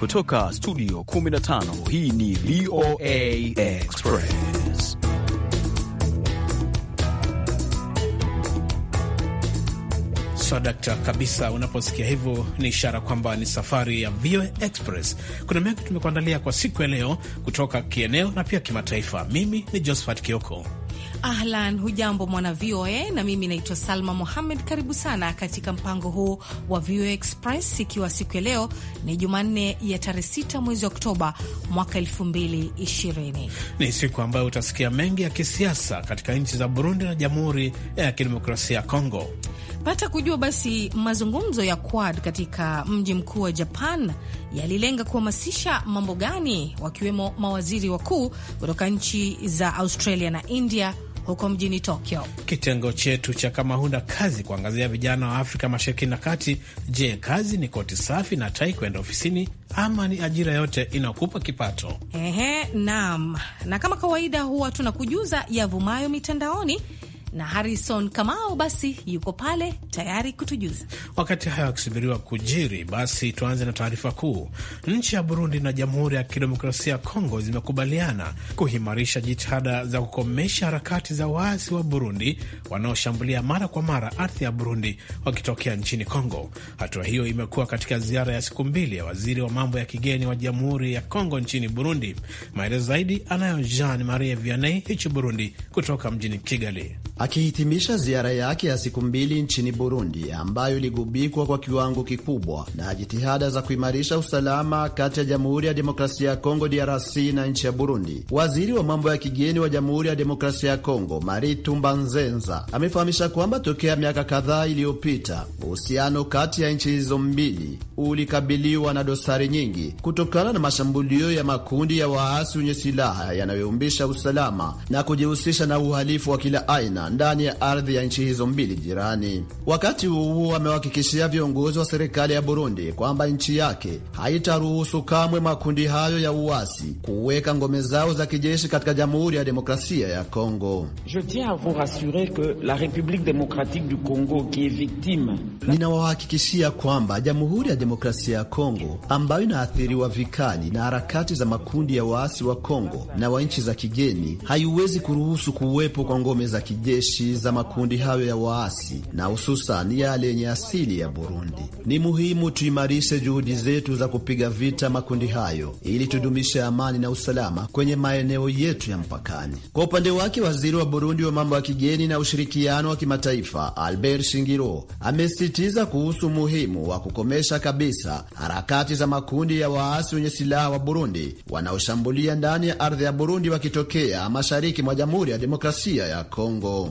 Kutoka studio 15 hii ni VOA Express. Swadakta so, kabisa. Unaposikia hivyo ni ishara kwamba ni safari ya VOA Express. Kuna mengi tumekuandalia kwa siku ya leo kutoka kieneo na pia kimataifa. Mimi ni Josephat Kioko. Ahlan, hujambo mwana VOA, na mimi naitwa Salma Mohamed. Karibu sana katika mpango huu wa VOA Express, ikiwa siku ya leo ni Jumanne ya tarehe 6 mwezi Oktoba mwaka 2020. Ni siku ambayo utasikia mengi ya kisiasa katika nchi za Burundi na Jamhuri ya Kidemokrasia ya Kongo. Pata kujua basi mazungumzo ya Quad katika mji mkuu wa Japan yalilenga kuhamasisha mambo gani, wakiwemo mawaziri wakuu kutoka nchi za Australia na India huko mjini Tokyo. Kitengo chetu cha kama huna kazi kuangazia vijana wa Afrika Mashariki na Kati. Je, kazi ni koti safi na tai kwenda ofisini ama ni ajira yote inakupa kipato? Ehe, naam. Na kama kawaida huwa tunakujuza yavumayo mitandaoni na Harrison Kamao basi yuko pale tayari kutujuza. Wakati hayo akisubiriwa kujiri, basi tuanze na taarifa kuu. Nchi ya Burundi na Jamhuri ya Kidemokrasia ya Kongo zimekubaliana kuhimarisha jitihada za kukomesha harakati za waasi wa Burundi wanaoshambulia mara kwa mara ardhi ya Burundi wakitokea nchini Kongo. Hatua hiyo imekuwa katika ziara ya siku mbili ya waziri wa mambo ya kigeni wa Jamhuri ya Kongo nchini Burundi. Maelezo zaidi anayo Jean Marie Vianney hichi Burundi kutoka mjini Kigali. Akihitimisha ziara yake ya siku mbili nchini Burundi ambayo iligubikwa kwa kiwango kikubwa na jitihada za kuimarisha usalama kati ya Jamhuri ya Demokrasia ya Kongo DRC na nchi ya Burundi, waziri wa mambo ya kigeni wa Jamhuri ya Demokrasia ya Kongo Tumba Nzenza amefahamisha kwamba tokea miaka kadhaa iliyopita uhusiano kati ya nchi hizo mbili ulikabiliwa na dosari nyingi kutokana na mashambulio ya makundi ya waasi wenye silaha yanayoumbisha usalama na kujihusisha na uhalifu wa kila aina ndani ya ardhi ya nchi hizo mbili jirani. Wakati huo amewahakikishia viongozi wa serikali ya Burundi kwamba nchi yake haitaruhusu kamwe makundi hayo ya uasi kuweka ngome zao za kijeshi katika Jamhuri ya Demokrasia ya Kongo. Je tiens à vous rassurer que la République démocratique du Congo qui est victime, ninawahakikishia kwamba Jamhuri ya Demokrasia ya Kongo ambayo inaathiriwa vikali na harakati za makundi ya waasi wa Kongo na wa nchi za kigeni haiwezi kuruhusu kuwepo kwa ngome za kijeshi jeshi za makundi hayo ya waasi na hususan yale yenye asili ya Burundi. Ni muhimu tuimarishe juhudi zetu za kupiga vita makundi hayo ili tudumishe amani na usalama kwenye maeneo yetu ya mpakani. Kwa upande wake, waziri wa Burundi wa mambo ya kigeni na ushirikiano wa kimataifa Albert Shingiro amesisitiza kuhusu umuhimu wa kukomesha kabisa harakati za makundi ya waasi wenye silaha wa Burundi wanaoshambulia ndani ya ardhi ya Burundi wakitokea mashariki mwa Jamhuri ya Demokrasia ya Kongo.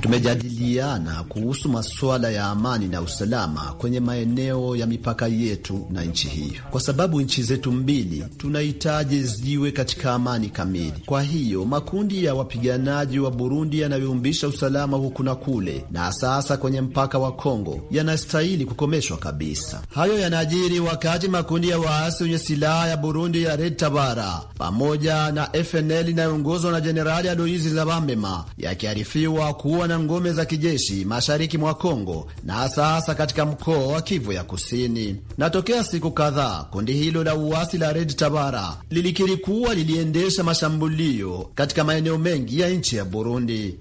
Tumejadiliana kuhusu masuala ya amani na usalama kwenye maeneo ya mipaka yetu na nchi hiyo, kwa sababu nchi zetu mbili tunahitaji ziwe katika amani kamili. Kwa hiyo makundi ya wapiganaji wa Burundi yanayoumbisha usalama huku na kule na sasa kwenye mpaka wa Kongo yanastahili kukomeshwa kabisa. Hayo yanajiri wakati makundi ya waasi wenye silaha ya Burundi ya Red Tabara pamoja na FNL inayoongozwa na Jenerali aloisi zabambema yakiharifiwa kuwa na ngome za kijeshi mashariki mwa Kongo na hasa hasa katika mkoa wa Kivu ya Kusini. natokea siku kadhaa kundi hilo la uasi la Red Tabara lilikiri kuwa liliendesha mashambulio katika maeneo mengi ya nchi ya Burundi.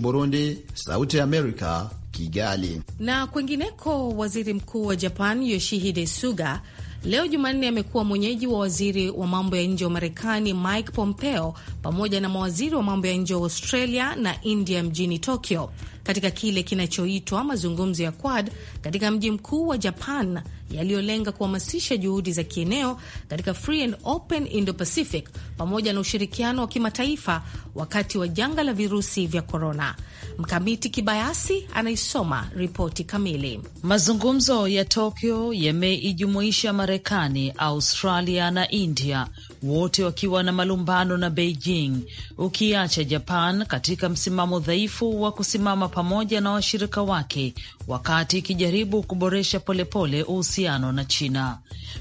Burundi, Sauti ya Amerika, Kigali. Na kwengineko, waziri mkuu wa Japan Yoshihide Suga leo Jumanne amekuwa mwenyeji wa waziri wa mambo ya nje wa Marekani Mike Pompeo pamoja na mawaziri wa mambo ya nje wa Australia na India mjini Tokyo katika kile kinachoitwa mazungumzo ya Quad katika mji mkuu wa Japan yaliyolenga kuhamasisha juhudi za kieneo katika free and open Indo-Pacific pamoja na ushirikiano wa kimataifa wakati wa janga la virusi vya korona. Mkamiti Kibayasi anaisoma ripoti kamili. Mazungumzo ya Tokyo yameijumuisha Marekani, Australia na India wote wakiwa na malumbano na Beijing, ukiacha Japan katika msimamo dhaifu wa kusimama pamoja na washirika wake wakati ikijaribu kuboresha polepole uhusiano na China.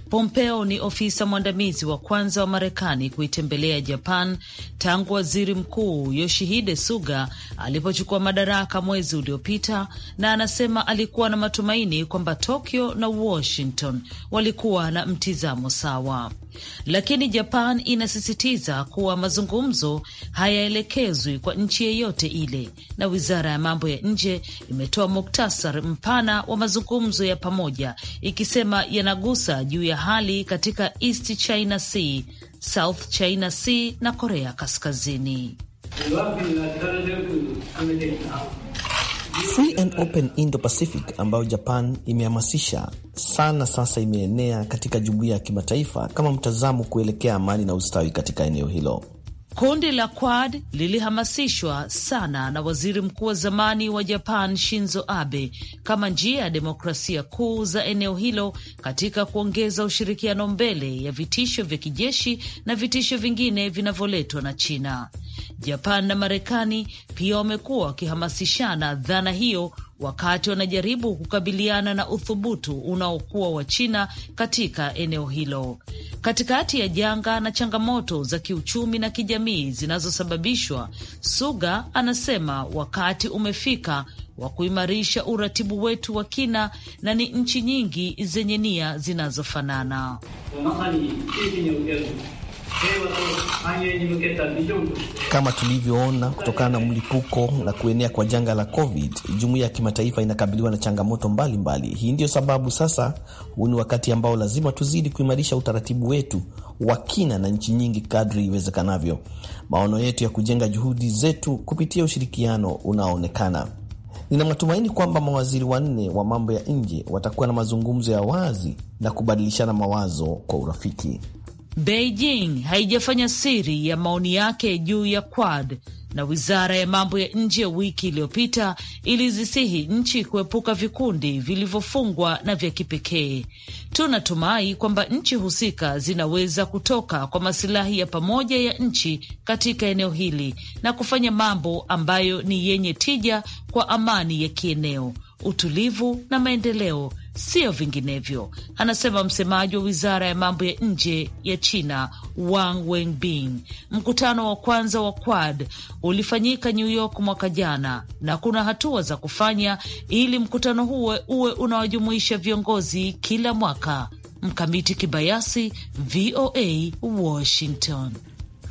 Pompeo ni ofisa mwandamizi wa kwanza wa Marekani kuitembelea Japan tangu waziri mkuu Yoshihide Suga alipochukua madaraka mwezi uliopita, na anasema alikuwa na matumaini kwamba Tokyo na Washington walikuwa na mtizamo sawa, lakini Japan Japan inasisitiza kuwa mazungumzo hayaelekezwi kwa nchi yeyote ile, na wizara ya mambo ya nje imetoa muktasar mpana wa mazungumzo ya pamoja ikisema yanagusa juu ya hali katika East China Sea, South China Sea na Korea Kaskazini. Free and Open Indo-Pacific ambayo Japan imehamasisha sana sasa imeenea katika jumuiya ya kimataifa kama mtazamo kuelekea amani na ustawi katika eneo hilo. Kundi la Quad lilihamasishwa sana na waziri mkuu wa zamani wa Japan Shinzo Abe kama njia ya demokrasia kuu za eneo hilo katika kuongeza ushirikiano mbele ya vitisho vya kijeshi na vitisho vingine vinavyoletwa na China. Japan na Marekani pia wamekuwa wakihamasishana dhana hiyo wakati wanajaribu kukabiliana na uthubutu unaokuwa wa China katika eneo hilo. Katikati ya janga na changamoto za kiuchumi na kijamii zinazosababishwa, Suga anasema wakati umefika wa kuimarisha uratibu wetu wa kina, na ni nchi nyingi zenye nia zinazofanana kama tulivyoona kutokana na mlipuko na kuenea kwa janga la COVID, jumuiya ya kimataifa inakabiliwa na changamoto mbalimbali mbali. Hii ndiyo sababu sasa, huu ni wakati ambao lazima tuzidi kuimarisha utaratibu wetu wa kina na nchi nyingi kadri iwezekanavyo, maono yetu ya kujenga juhudi zetu kupitia ushirikiano unaoonekana. Nina matumaini kwamba mawaziri wanne wa mambo ya nje watakuwa na mazungumzo ya wazi na kubadilishana mawazo kwa urafiki. Beijing haijafanya siri ya maoni yake juu ya Quad na wizara ya mambo ya nje wiki iliyopita ilizisihi nchi kuepuka vikundi vilivyofungwa na vya kipekee. Tunatumai kwamba nchi husika zinaweza kutoka kwa masilahi ya pamoja ya nchi katika eneo hili na kufanya mambo ambayo ni yenye tija kwa amani ya kieneo, utulivu na maendeleo sio vinginevyo, anasema msemaji wa wizara ya mambo ya nje ya China Wang Wenbin. Mkutano wa kwanza wa Quad ulifanyika New York mwaka jana, na kuna hatua za kufanya ili mkutano huo uwe unawajumuisha viongozi kila mwaka. Mkamiti Kibayasi, VOA Washington.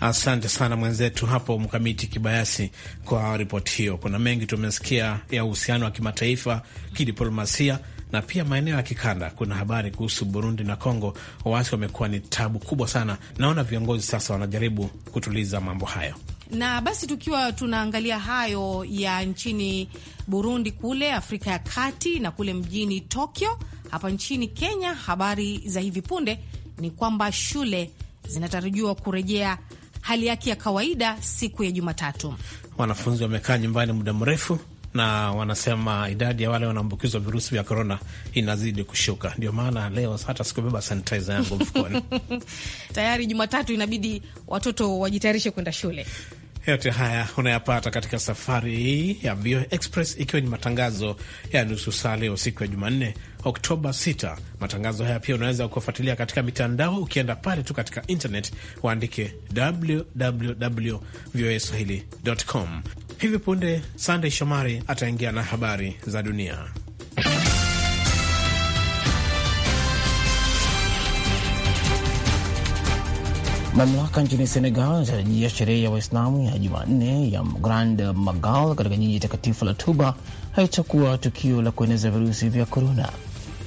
Asante sana mwenzetu hapo Mkamiti Kibayasi kwa ripoti hiyo. Kuna mengi tumesikia ya uhusiano wa kimataifa, kidiplomasia na pia maeneo ya kikanda. Kuna habari kuhusu Burundi na Kongo, waasi wamekuwa ni tabu kubwa sana. Naona viongozi sasa wanajaribu kutuliza mambo hayo na basi tukiwa tunaangalia hayo ya nchini Burundi, kule Afrika ya Kati na kule mjini Tokyo, hapa nchini Kenya, habari za hivi punde ni kwamba shule zinatarajiwa kurejea hali yake ya kawaida siku ya Jumatatu. Wanafunzi wamekaa nyumbani muda mrefu na wanasema idadi ya wale wanaambukizwa virusi vya korona inazidi kushuka. Ndio maana leo hata sikubeba sanitizer yangu mfukoni tayari. Jumatatu inabidi watoto wajitayarishe kwenda shule. Yote haya unayapata katika safari hii ya VOA Express, ikiwa ni matangazo ya nusu saa leo, siku ya Jumanne, Oktoba 6. Matangazo haya pia unaweza kufuatilia katika mitandao, ukienda pale tu katika internet waandike www voa swahili.com. Hivi punde Sandey Shomari ataingia na habari za dunia. Mamlaka nchini Senegal inatarajia sherehe ya Waislamu ya Jumanne ya Grand Magal katika jiji takatifu la Tuba haitakuwa tukio la kueneza virusi vya korona.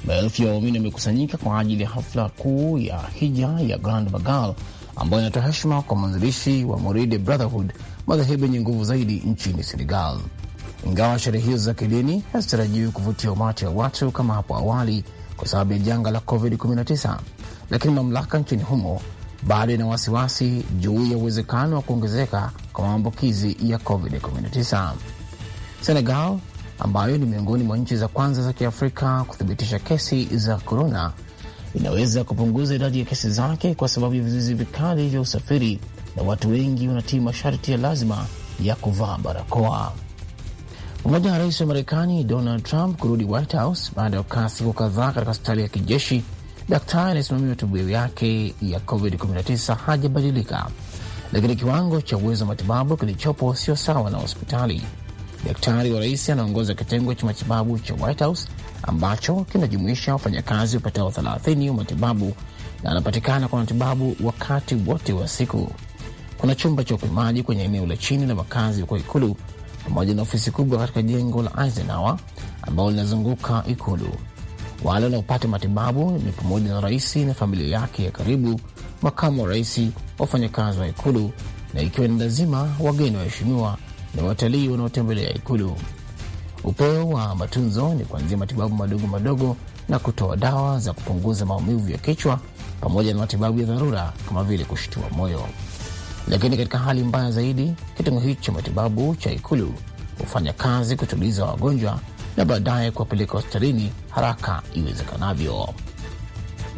Maelfu ya waumini wamekusanyika kwa ajili ya hafla kuu ya hija ya Grand Magal ambayo inatoa heshima kwa mwanzilishi wa Moride Brotherhood madhehebu yenye nguvu zaidi nchini Senegal. Ingawa sherehe hizo za kidini hazitarajiwi kuvutia umati wa watu kama hapo awali kwa sababu ya janga la COVID-19, lakini mamlaka nchini humo bado ina wasiwasi juu ya uwezekano wa kuongezeka kwa maambukizi ya COVID-19. Senegal ambayo ni miongoni mwa nchi za kwanza za Kiafrika kuthibitisha kesi za korona inaweza kupunguza idadi ya kesi zake kwa sababu ya vizuizi vikali vya usafiri na watu wengi wanatii masharti ya lazima ya kuvaa barakoa. Pamoja na rais wa Marekani Donald Trump kurudi White House baada ya kukaa siku kadhaa katika hospitali ya kijeshi, daktari anayesimamia matibabu yake ya COVID-19 hajabadilika, lakini kiwango cha uwezo wa matibabu kilichopo sio sawa na hospitali. Daktari wa rais anaongoza kitengo cha matibabu cha White House ambacho kinajumuisha wafanyakazi wapatao 30 wa matibabu na anapatikana kwa matibabu wakati wote wa siku kuna chumba cha upimaji kwenye eneo la chini la makazi huko Ikulu pamoja na ofisi kubwa katika jengo la Eisenhower ambalo linazunguka Ikulu. Wale wanaopata matibabu ni pamoja na rais na familia yake ya karibu, makamu wa rais, wafanyakazi wa Ikulu na ikiwa ni lazima, wageni waheshimiwa na watalii wanaotembelea Ikulu. Upeo wa matunzo ni kuanzia matibabu madogo madogo na kutoa dawa za kupunguza maumivu ya kichwa pamoja na matibabu ya dharura kama vile kushtua moyo lakini katika hali mbaya zaidi, kitengo hicho cha matibabu cha ikulu hufanya kazi kutuliza wagonjwa na baadaye kuwapeleka hospitalini haraka iwezekanavyo.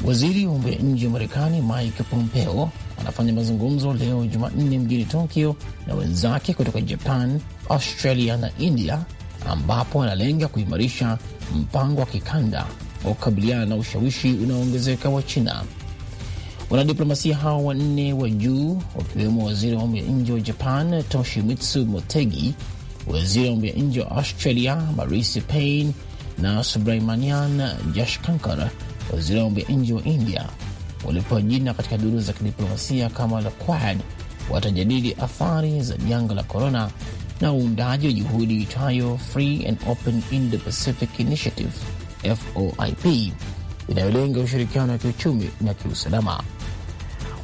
Waziri wa mambo ya nje wa Marekani Mike Pompeo anafanya mazungumzo leo Jumanne mjini Tokyo na wenzake kutoka Japan, Australia na India, ambapo analenga kuimarisha mpango wa kikanda wa kukabiliana na ushawishi unaoongezeka wa China Wanadiplomasia hao wanne wa juu wakiwemo waziri wa mambo ya nje wa Japan Toshimitsu Motegi, waziri wa mambo ya nje wa Australia Marise Payne na Subraimanian Jaishankar, waziri wa mambo ya nje wa India, walipewa jina katika duru za kidiplomasia kama la Quad. Watajadili athari za janga la korona na uundaji wa juhudi itayo Free and Open Indo-Pacific Initiative FOIP inayolenga ushirikiano wa kiuchumi na kiusalama.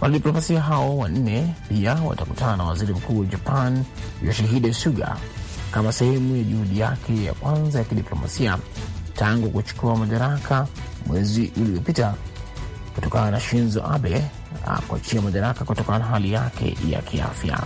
Wanadiplomasia hao wanne pia watakutana na waziri mkuu wa Japan Yoshihide Suga kama sehemu ya juhudi yake ya kwanza ya kidiplomasia tangu kuchukua madaraka mwezi uliopita kutokana na Shinzo Abe akuachia madaraka kutokana na hali yake ya kiafya.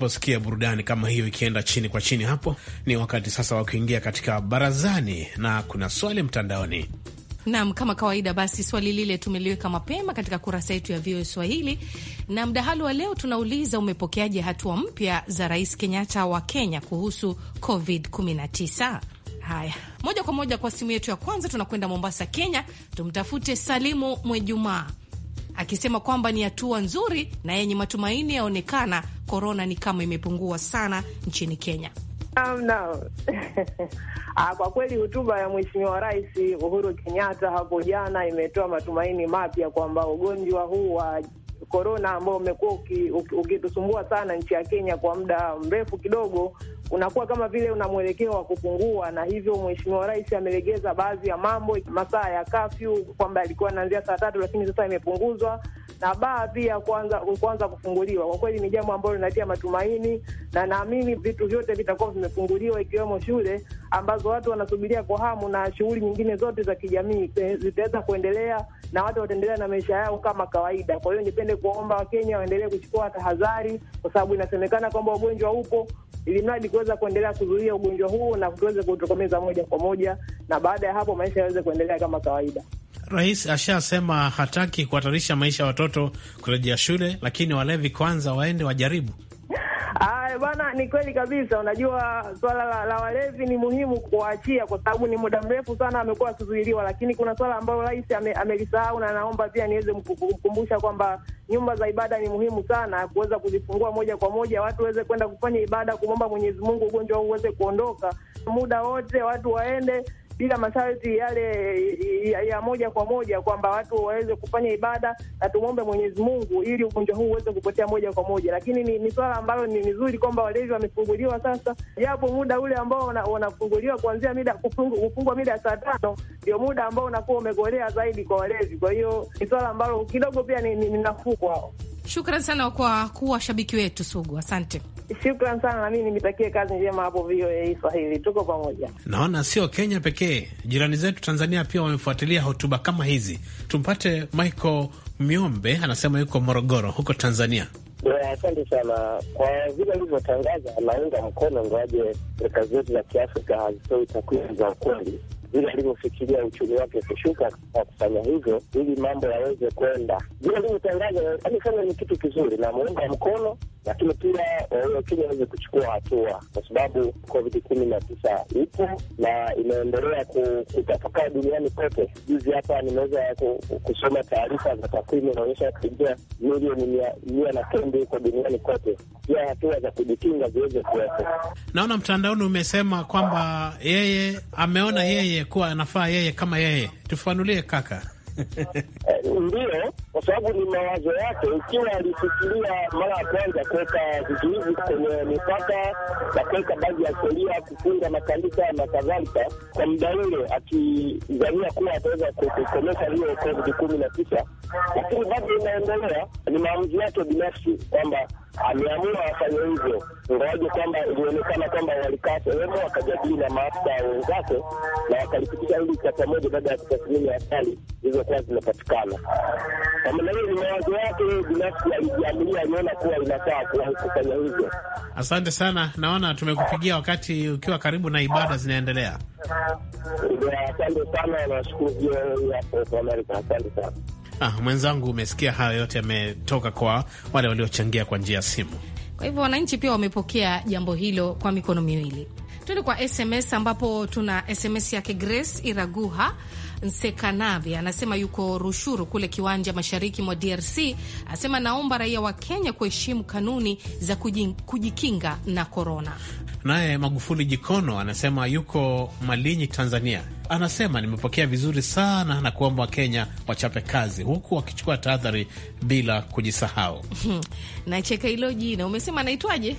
unaposikia burudani kama hiyo ikienda chini kwa chini, hapo ni wakati sasa wa kuingia katika barazani, na kuna swali mtandaoni. Nam, kama kawaida basi, swali lile tumeliweka mapema katika kurasa yetu ya VOA Swahili, na mdahalo wa leo tunauliza, umepokeaje hatua mpya za Rais Kenyatta wa Kenya kuhusu COVID-19? Haya, moja kwa moja kwa simu yetu ya kwanza tunakwenda Mombasa, Kenya. Tumtafute Salimu Mwejumaa akisema kwamba ni hatua nzuri na yenye matumaini yaonekana korona ni kama imepungua sana nchini Kenya. Um, no. Ah, kwa kweli hotuba ya Mheshimiwa Rais Uhuru Kenyatta hapo jana imetoa matumaini mapya kwamba ugonjwa huu wa korona ambao umekuwa ukitusumbua sana nchi ya Kenya kwa muda mrefu kidogo, unakuwa kama vile una mwelekeo wa kupungua, na hivyo Mheshimiwa Rais amelegeza baadhi ya mambo, masaa ya kafyu kwamba alikuwa anaanzia saa tatu, lakini sasa imepunguzwa na baa pia kwanza kuanza kufunguliwa. Kwa kweli ni jambo ambalo linatia matumaini, na naamini vitu vyote vitakuwa vimefunguliwa, ikiwemo shule ambazo watu wanasubiria kwa hamu, na shughuli nyingine zote za kijamii eh, zitaweza kuendelea na watu wataendelea na maisha yao kama kawaida. Kwa hiyo nipende kuwaomba Wakenya waendelee kuchukua tahadhari, kwa sababu inasemekana kwamba ugonjwa upo, ili mradi kuweza kuendelea kuzuia ugonjwa huo na tuweze kuutokomeza moja kwa moja, na baada ya hapo maisha yaweze kuendelea kama kawaida. Rais ashasema hataki kuhatarisha maisha ya watoto kurejea shule, lakini walevi kwanza waende wajaribu. bana bwana, ni kweli kabisa. Unajua swala la, la walevi ni muhimu kuwaachia, kwa sababu ni muda mrefu sana amekuwa akizuiliwa, lakini kuna swala ambalo rais amelisahau ame, na naomba pia niweze kumkumbusha kwamba nyumba za ibada ni muhimu sana kuweza kuzifungua moja kwa moja, watu waweze kwenda kufanya ibada, kumwomba Mwenyezi Mungu ugonjwa huu uweze kuondoka muda wote, watu waende bila masharti yale ya moja kwa moja kwamba watu waweze kufanya ibada, na tumwombe Mwenyezi Mungu ili ugonjwa huu uweze kupotea moja kwa moja. Lakini ni, ni swala ambalo ni nzuri kwamba walevi wamefunguliwa sasa, japo muda ule ambao wanafunguliwa kuanzia mida kufungwa mida saa tano ndio muda ambao unakuwa umegolea zaidi kwa walevi. Kwa hiyo ni swala ambalo kidogo pia ni, ni, ni nafuu kwao. Shukran sana kwa kuwa shabiki wetu sugu, asante. Shukran sana, nami nimitakie kazi njema hapo VOA Swahili, tuko pamoja. Naona sio Kenya pekee, jirani zetu Tanzania pia wamefuatilia hotuba kama hizi. Tumpate Michael Myombe, anasema yuko Morogoro huko Tanzania. Asante sana kwa vile alivyotangaza, anaunga mkono, ngoaje, serikali zetu za Kiafrika hazitoi takwimu za ukweli vile alivyofikiria uchumi wake kushuka kwa kufanya hivyo, ili mambo yaweze kwenda vile alivyotangaza. Alifanya ni kitu kizuri, namuunga mkono lakini pia Wakenya eh, waweze kuchukua hatua, kwa sababu Covid kumi na tisa ipo na inaendelea kutapakaa duniani kote. Juzi hapa nimeweza kusoma taarifa za takwimu inaonyesha karibia milioni mia na kembe huko duniani kote. Pia hatua za kujikinga ziweze kuwepo. Naona mtandaoni umesema kwamba yeye ameona yeye kuwa anafaa yeye kama yeye, tufanulie kaka. Eh, Ndiyo, kwa sababu ni mawazo yake. Ikiwa alifikiria mara ya kwanza kuweka vizuizi kwenye mipaka na kuweka baadhi ya sheria kufunga makanisa na kadhalika, kwa muda ule akizania kuwa ataweza kukomesha hiyo COVID kumi na tisa, lakini bado inaendelea. Ni maamuzi yake binafsi kwamba ameamua afanye hivyo, ingawaje kwamba ilionekana kwamba walikaa sehemu wakajadili na maafisa wenzake na wakalipitisha hili cha pamoja baada ya kutathmini hatari zilizokuwa zinapatikana. Kwa maana hiyo, ni mawazo yake binafsi, alijiamulia, aliona kuwa inataa kuwahi kufanya hivyo. Asante sana, naona tumekupigia wakati ukiwa karibu na ibada zinaendelea. Asante sana, nashukuru. Asante sana. Ah, mwenzangu, umesikia hayo yote yametoka kwa wale waliochangia kwa njia ya simu. Kwa hivyo wananchi pia wamepokea jambo hilo kwa mikono miwili. Tuende kwa SMS ambapo tuna SMS yake Grace Iraguha Nsekanavi anasema yuko Rushuru kule Kiwanja, mashariki mwa DRC. Anasema naomba raia wa Kenya kuheshimu kanuni za kujikinga na korona. Naye Magufuli Jikono anasema yuko Malinyi, Tanzania. Anasema nimepokea vizuri sana na kuomba Wakenya wachape kazi, huku wakichukua tahadhari bila kujisahau. Nacheka hilo jina, umesema anaitwaje?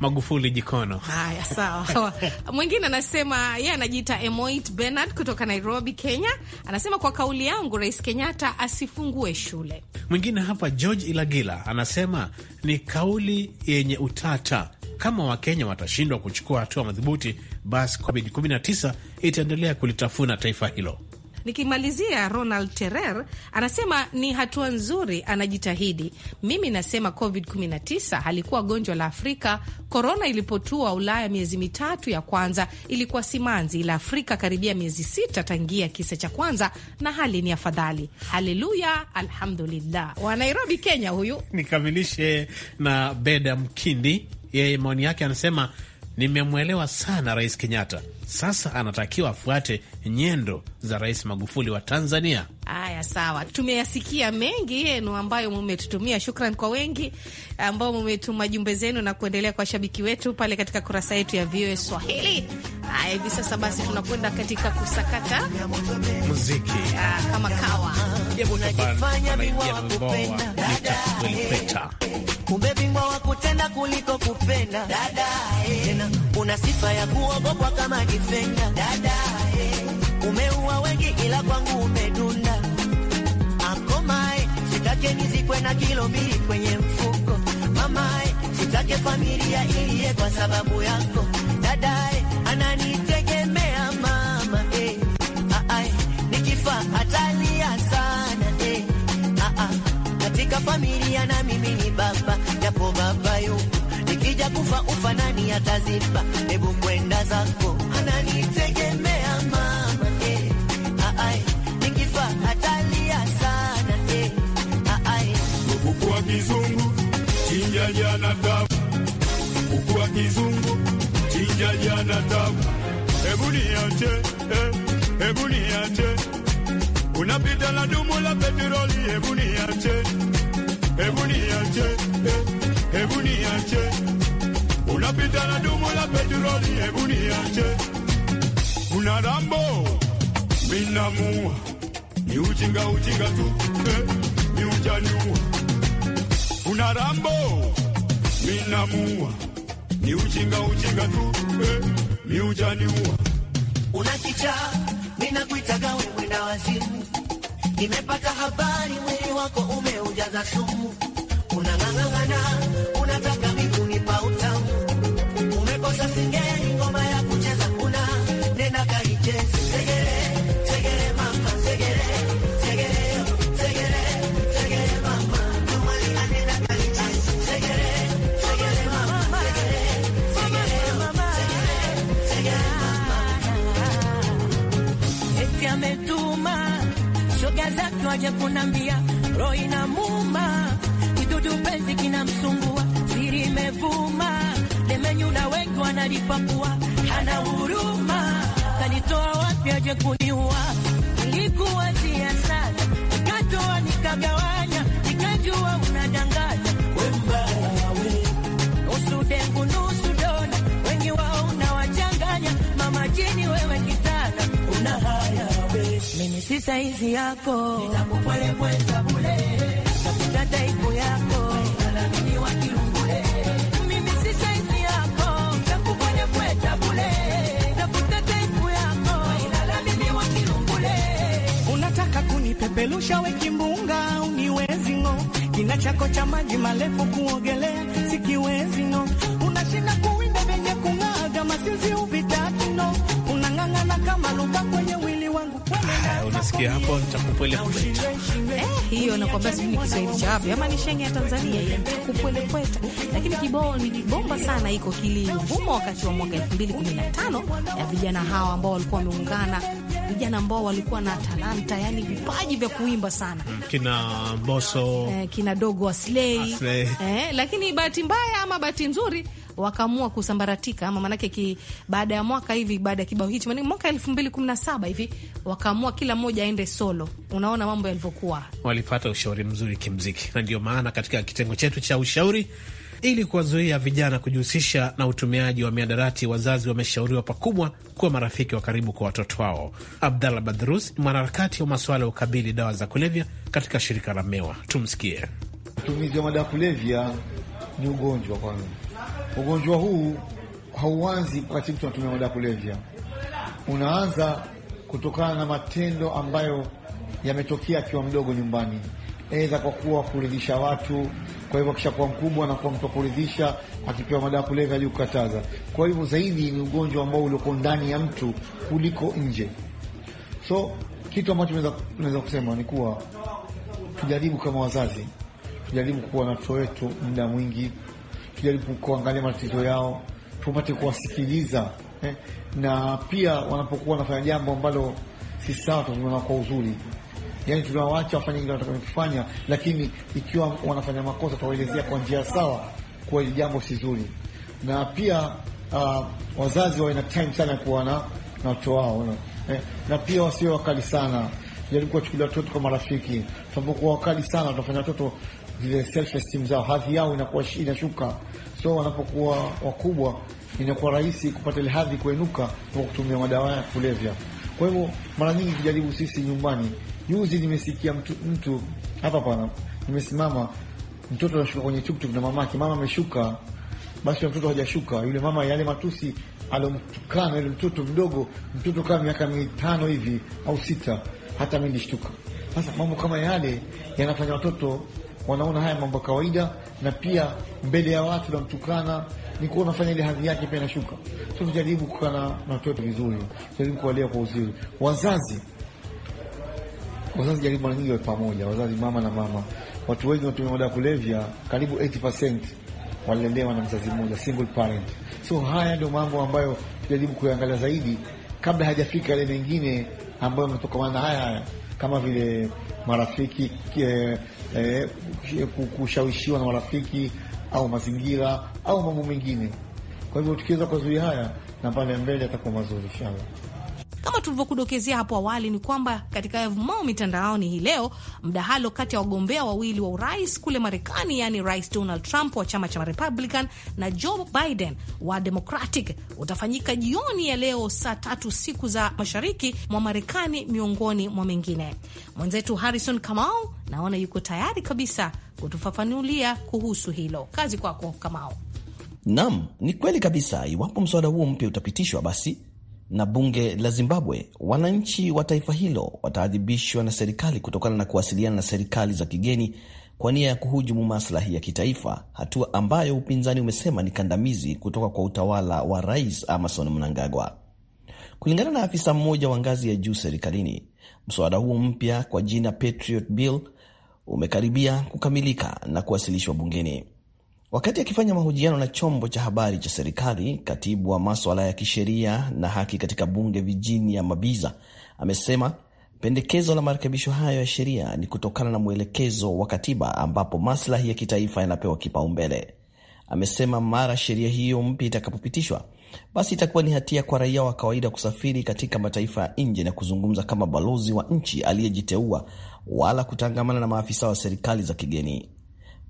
Magufuli Jikono. Haya, sawa. Mwingine anasema yeye anajiita Emoit Bernard kutoka Nairobi, Kenya. Anasema kwa kauli yangu, Rais Kenyatta asifungue shule. Mwingine hapa George Ilagila anasema ni kauli yenye utata kama Wakenya watashindwa kuchukua hatua madhubuti, basi COVID-19 itaendelea kulitafuna taifa hilo. Nikimalizia, Ronald Terer anasema ni hatua nzuri, anajitahidi. Mimi nasema COVID-19 halikuwa gonjwa la Afrika. Korona ilipotua Ulaya miezi mitatu ya kwanza ilikuwa simanzi, ila Afrika karibia miezi sita tangia kisa cha kwanza, na hali ni afadhali. Haleluya, alhamdulillah. Wa Nairobi, Kenya huyu. Nikamilishe na Beda Mkindi yeye maoni yake anasema, nimemwelewa sana Rais Kenyatta, sasa anatakiwa afuate nyendo za Rais Magufuli wa Tanzania. Haya, sawa, tumeyasikia mengi yenu ambayo mumetutumia. Shukran kwa wengi ambao mumetuma jumbe zenu na kuendelea kwa washabiki wetu pale katika kurasa yetu ya VOA Swahili. Haya, hivi sasa basi tunakwenda katika kusakata muziki ah, kama kawa wa kutenda kuliko kupenda dada, tena eh, una sifa ya kuogopwa kama difenda dada eh umeua wengi, ila kwangu umedunda. Akomae sitake nizikwe na kilo mbili kwenye mfuko. Mamae sitake familia iliye kwa sababu yako. Dadae ananitegemea mama, eh, aai nikifa atalia sana eh, aa, katika familia na mimi ni baba, japo baba yuko nikija kufa ufanani ataziba. Hebu niache eh, hebu niache, unapita na dumu la petroli, hebu niache, hebu niache eh, hebu niache, unapita na dumu la petroli, hebu niache, una rambo minamua ni ujinga ujinga tu eh, ni ujanua, una rambo minamua ni ujinga ujinga tu eh, ni ujanua unakichaa, ninakuitaga wewe mwenda wazimu. Nimepata habari mwili wako umeujaza sumu, unang'ang'ana haja kunambia, roho inamuuma, kidudu penzi kinamsumbua, siri imevuma, demenyu na wengi wanalipakua, hana huruma, kanitoa wapi aje kuniua, ilikuwa tia sana, katoa nikagawa saizi yako tafuta taipu unataka kunipepelusha we kimbunga uniwezi ng'o kina chako cha maji marefu kuogelea sikiwezi ng'o unashinda kuwinda venye kung'aa kama sinzi no unang'ang'ana kama luka nasikia hapo nitakupwele kweta eh, hiyo nakwambia, sijui ni Kiswahili cha wapi, ama ni shenge ya Tanzania hiyo, nitakupwele kweta. Lakini kibao ni bomba sana, iko kilivuma wakati wa mwaka 2015 ya vijana hawa ambao walikuwa wameungana vijana ambao walikuwa na talanta, yani vipaji vya kuimba sana, kina Boso eh, kina Dogo Aslei eh, lakini bahati mbaya ama bahati nzuri wakaamua kusambaratika ama maanake, baada ya mwaka hivi, baada ya kibao hichi, maanake mwaka elfu mbili kumi na saba hivi wakaamua kila mmoja aende solo. Unaona mambo yalivyokuwa, walipata ushauri mzuri kimziki, na ndio maana katika kitengo chetu cha ushauri ili kuwazuia vijana kujihusisha na utumiaji wa miadarati, wazazi wameshauriwa pakubwa kuwa marafiki wa karibu kwa watoto wao. Abdallah Badrus ni mwanaharakati wa masuala ya ukabili dawa za kulevya katika shirika la Mewa. Tumsikie. Matumizi ya madawa ya kulevya ni ugonjwa kwanza. Ugonjwa huu hauanzi wakati mtu anatumia madawa ya kulevya, unaanza kutokana na matendo ambayo yametokea akiwa mdogo nyumbani aidha kwa kuwa kuridhisha watu. Kwa hivyo akishakuwa mkubwa na kuwa mtu kuridhisha, akipewa madawa kulevya alikukataza. Kwa hivyo zaidi ni ugonjwa ambao ulioko ndani ya mtu kuliko nje. So kitu ambacho naweza kusema ni kuwa tujaribu kama wazazi, tujaribu kuwa na watoto wetu muda mwingi, tujaribu kuangalia matatizo yao, tupate kuwasikiliza eh, na pia wanapokuwa wanafanya jambo ambalo si sawa, tunaona kwa uzuri yani tunawaacha wafanye ile watakachofanya, lakini ikiwa wanafanya makosa tuwaelezea kwa njia sawa kuwa ili jambo si zuri, na pia uh, wazazi wawe na time sana kuwa na watoto wao na, eh, na pia wasiwe wakali sana. jaribu kuwachukulia watoto kwa marafiki, sababu tunapokuwa wakali sana tunafanya watoto zile self esteem zao, hadhi yao inakuwa inashuka, so wanapokuwa wakubwa inakuwa rahisi kupata ile hadhi kuenuka kwa kutumia madawa ya kulevya. Kwa hivyo mara nyingi kujaribu sisi nyumbani Juzi nimesikia mtu, mtu hapa pana nimesimama, mtoto anashuka kwenye tuktuk na mamake, mama ameshuka, basi mtoto hajashuka. Yule mama yale matusi alomtukana yule mtoto mdogo, mtoto kama miaka mitano hivi au sita, hata mimi nilishtuka. Sasa mambo kama yale yanafanya watoto wanaona haya mambo ya kawaida, na pia mbele ya watu namtukana nikuwa unafanya ile hadhi yake pia inashuka. So tujaribu kukaa na watoto vizuri, tujaribu kuwalea kwa uzuri wazazi Wazazi jaribu mara nyingi pamoja, wazazi mama na mama. Watu wengi watumia madawa kulevya, karibu 80% walilelewa na mzazi mmoja, single parent. So haya ndio mambo ambayo jaribu kuangalia zaidi kabla hajafika yale mengine ambayo ametokamana na haya haya kama vile marafiki eh, eh, kushawishiwa na marafiki au mazingira au mambo mengine. Kwa hivyo tukiweza kuzuia haya na pale mbele atakuwa mazuri inshallah. Kama tulivyokudokezea hapo awali, ni kwamba katika yavumao mitandaoni hii leo, mdahalo kati ya wagombea wawili wa urais kule Marekani, yani Rais Donald Trump wa chama cha Republican na Joe Biden wa Democratic utafanyika jioni ya leo saa tatu siku za mashariki mwa Marekani, miongoni mwa mengine. Mwenzetu Harrison Kamau naona yuko tayari kabisa kutufafanulia kuhusu hilo. Kazi kwako Kamau. Naam, ni kweli kabisa. Iwapo mswada huo mpya utapitishwa, basi na bunge la Zimbabwe, wananchi wa taifa hilo wataadhibishwa na serikali kutokana na kuwasiliana na serikali za kigeni kwa nia ya kuhujumu maslahi ya kitaifa, hatua ambayo upinzani umesema ni kandamizi kutoka kwa utawala wa Rais Emmerson Mnangagwa. Kulingana na afisa mmoja wa ngazi ya juu serikalini, mswada huo mpya kwa jina Patriot Bill umekaribia kukamilika na kuwasilishwa bungeni. Wakati akifanya mahojiano na chombo cha habari cha serikali, katibu wa maswala ya kisheria na haki katika bunge Virginia Mabiza amesema pendekezo la marekebisho hayo ya sheria ni kutokana na mwelekezo wa katiba ambapo maslahi ya kitaifa yanapewa kipaumbele. Amesema mara sheria hiyo mpya itakapopitishwa, basi itakuwa ni hatia kwa raia wa kawaida kusafiri katika mataifa ya nje na kuzungumza kama balozi wa nchi aliyejiteua, wala kutangamana na maafisa wa serikali za kigeni.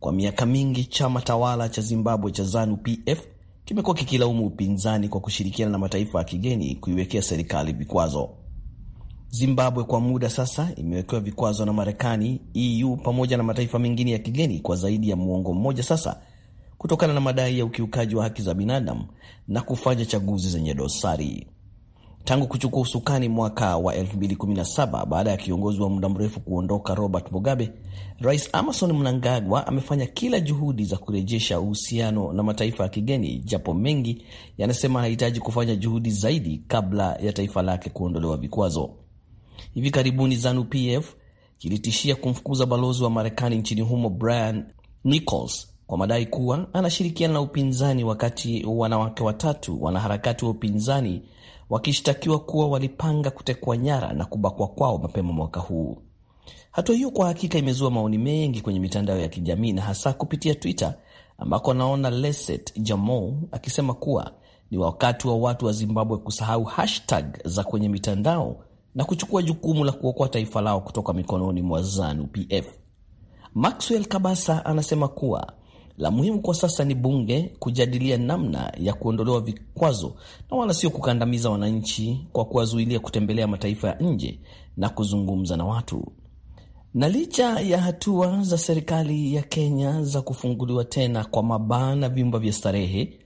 Kwa miaka mingi chama tawala cha Zimbabwe cha ZANU-PF kimekuwa kikilaumu upinzani kwa kushirikiana na mataifa ya kigeni kuiwekea serikali vikwazo. Zimbabwe kwa muda sasa imewekewa vikwazo na Marekani, EU pamoja na mataifa mengine ya kigeni kwa zaidi ya muongo mmoja sasa kutokana na madai ya ukiukaji wa haki za binadamu na kufanya chaguzi zenye dosari tangu kuchukua usukani mwaka wa 2017 baada ya kiongozi wa muda mrefu kuondoka Robert Mugabe, Rais Emmerson Mnangagwa amefanya kila juhudi za kurejesha uhusiano na mataifa ya kigeni, japo mengi yanasema anahitaji kufanya juhudi zaidi kabla ya taifa lake kuondolewa vikwazo. Hivi karibuni ZANU PF kilitishia kumfukuza balozi wa Marekani nchini humo Brian Nichols kwa madai kuwa anashirikiana na upinzani, wakati wanawake watatu wanaharakati wa upinzani wakishtakiwa kuwa walipanga kutekwa nyara na kubakwa kwao mapema mwaka huu. Hatua hiyo kwa hakika imezua maoni mengi kwenye mitandao ya kijamii na hasa kupitia Twitter ambako anaona Leset Jamo akisema kuwa ni wakati wa watu wa Zimbabwe kusahau hashtag za kwenye mitandao na kuchukua jukumu la kuokoa taifa lao kutoka mikononi mwa ZANU PF. Maxwell Kabasa anasema kuwa la muhimu kwa sasa ni bunge kujadilia namna ya kuondolewa vikwazo na wala sio kukandamiza wananchi kwa kuwazuilia kutembelea mataifa ya nje na kuzungumza na watu. Na licha ya hatua za serikali ya Kenya za kufunguliwa tena kwa mabaa na vyumba vya starehe,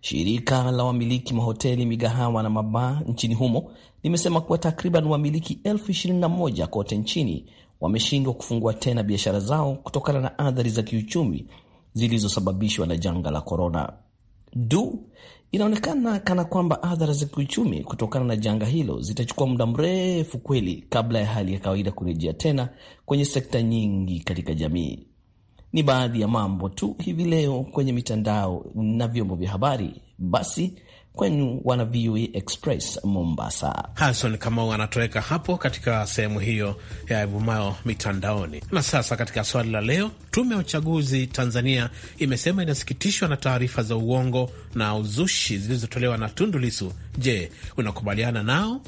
shirika la wamiliki mahoteli, migahawa na mabaa nchini humo limesema kuwa takriban wamiliki elfu ishirini na moja kote nchini wameshindwa kufungua tena biashara zao kutokana na athari za kiuchumi zilizosababishwa na janga la korona. Du, inaonekana kana kwamba adhara za kiuchumi kutokana na janga hilo zitachukua muda mrefu kweli kabla ya hali ya kawaida kurejea tena kwenye sekta nyingi katika jamii. Ni baadhi ya mambo tu hivi leo kwenye mitandao na vyombo vya habari. Basi Kwenu wana VOA Express Mombasa. Harison Kamau anatoweka hapo katika sehemu hiyo ya Ivumayo Mitandaoni. Na sasa katika swali la leo, tume ya uchaguzi Tanzania imesema inasikitishwa na taarifa za uongo na uzushi zilizotolewa na Tundu Lisu. Je, unakubaliana nao?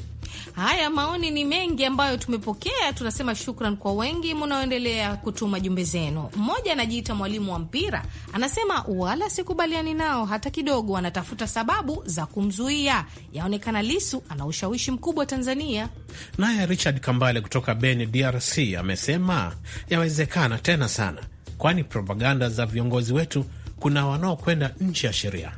Haya, maoni ni mengi ambayo tumepokea. Tunasema shukran kwa wengi mnaoendelea kutuma jumbe zenu. Mmoja anajiita mwalimu wa mpira, anasema wala sikubaliani nao hata kidogo, wanatafuta sababu za kumzuia. Yaonekana Lisu ana ushawishi mkubwa Tanzania. Naye Richard Kambale kutoka Beni, DRC, amesema yawezekana tena sana, kwani propaganda za viongozi wetu kuna wanaokwenda nchi ya sheria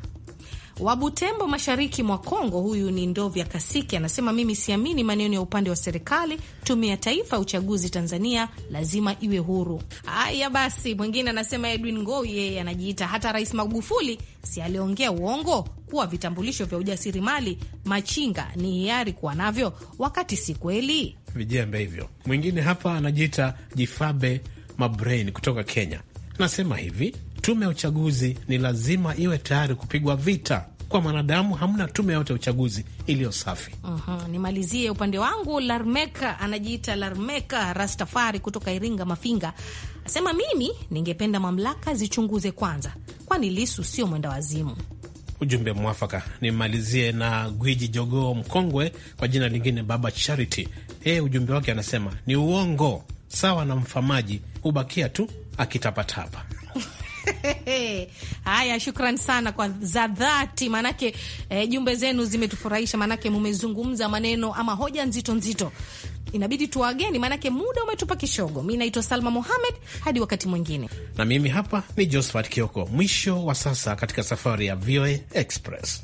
wa Butembo, mashariki mwa Kongo. Huyu ni Ndovya Kasiki, anasema mimi siamini maneno ya upande wa serikali. Tume ya Taifa ya Uchaguzi Tanzania lazima iwe huru. Haya basi, mwingine anasema Edwin Ngoi, yeye anajiita hata Rais Magufuli si aliongea uongo kuwa vitambulisho vya ujasiriamali machinga ni hiari kuwa navyo, wakati si kweli, vijembe hivyo. Mwingine hapa anajiita Jifabe Mabrain kutoka Kenya, nasema hivi tume ya uchaguzi ni lazima iwe tayari kupigwa vita. Kwa mwanadamu hamna tume yote ya uchaguzi iliyo safi. Uhum. Nimalizie upande wangu. Larmeka anajiita Larmeka Rastafari kutoka Iringa Mafinga asema, mimi ningependa mamlaka zichunguze kwanza, kwani Lisu sio mwenda wazimu. Ujumbe mwafaka. Nimalizie na gwiji jogoo mkongwe, kwa jina lingine Baba Charity. Yeye ujumbe wake anasema ni uongo sawa na mfamaji, hubakia tu akitapatapa. Haya, shukran sana kwa za dhati, maanake eh, jumbe zenu zimetufurahisha, maanake mumezungumza maneno ama hoja nzito nzito. Inabidi tuwageni, maanake muda umetupa kishogo. Mi naitwa Salma Muhamed, hadi wakati mwingine. Na mimi hapa ni Josephat Kioko, mwisho wa sasa katika safari ya VOA Express.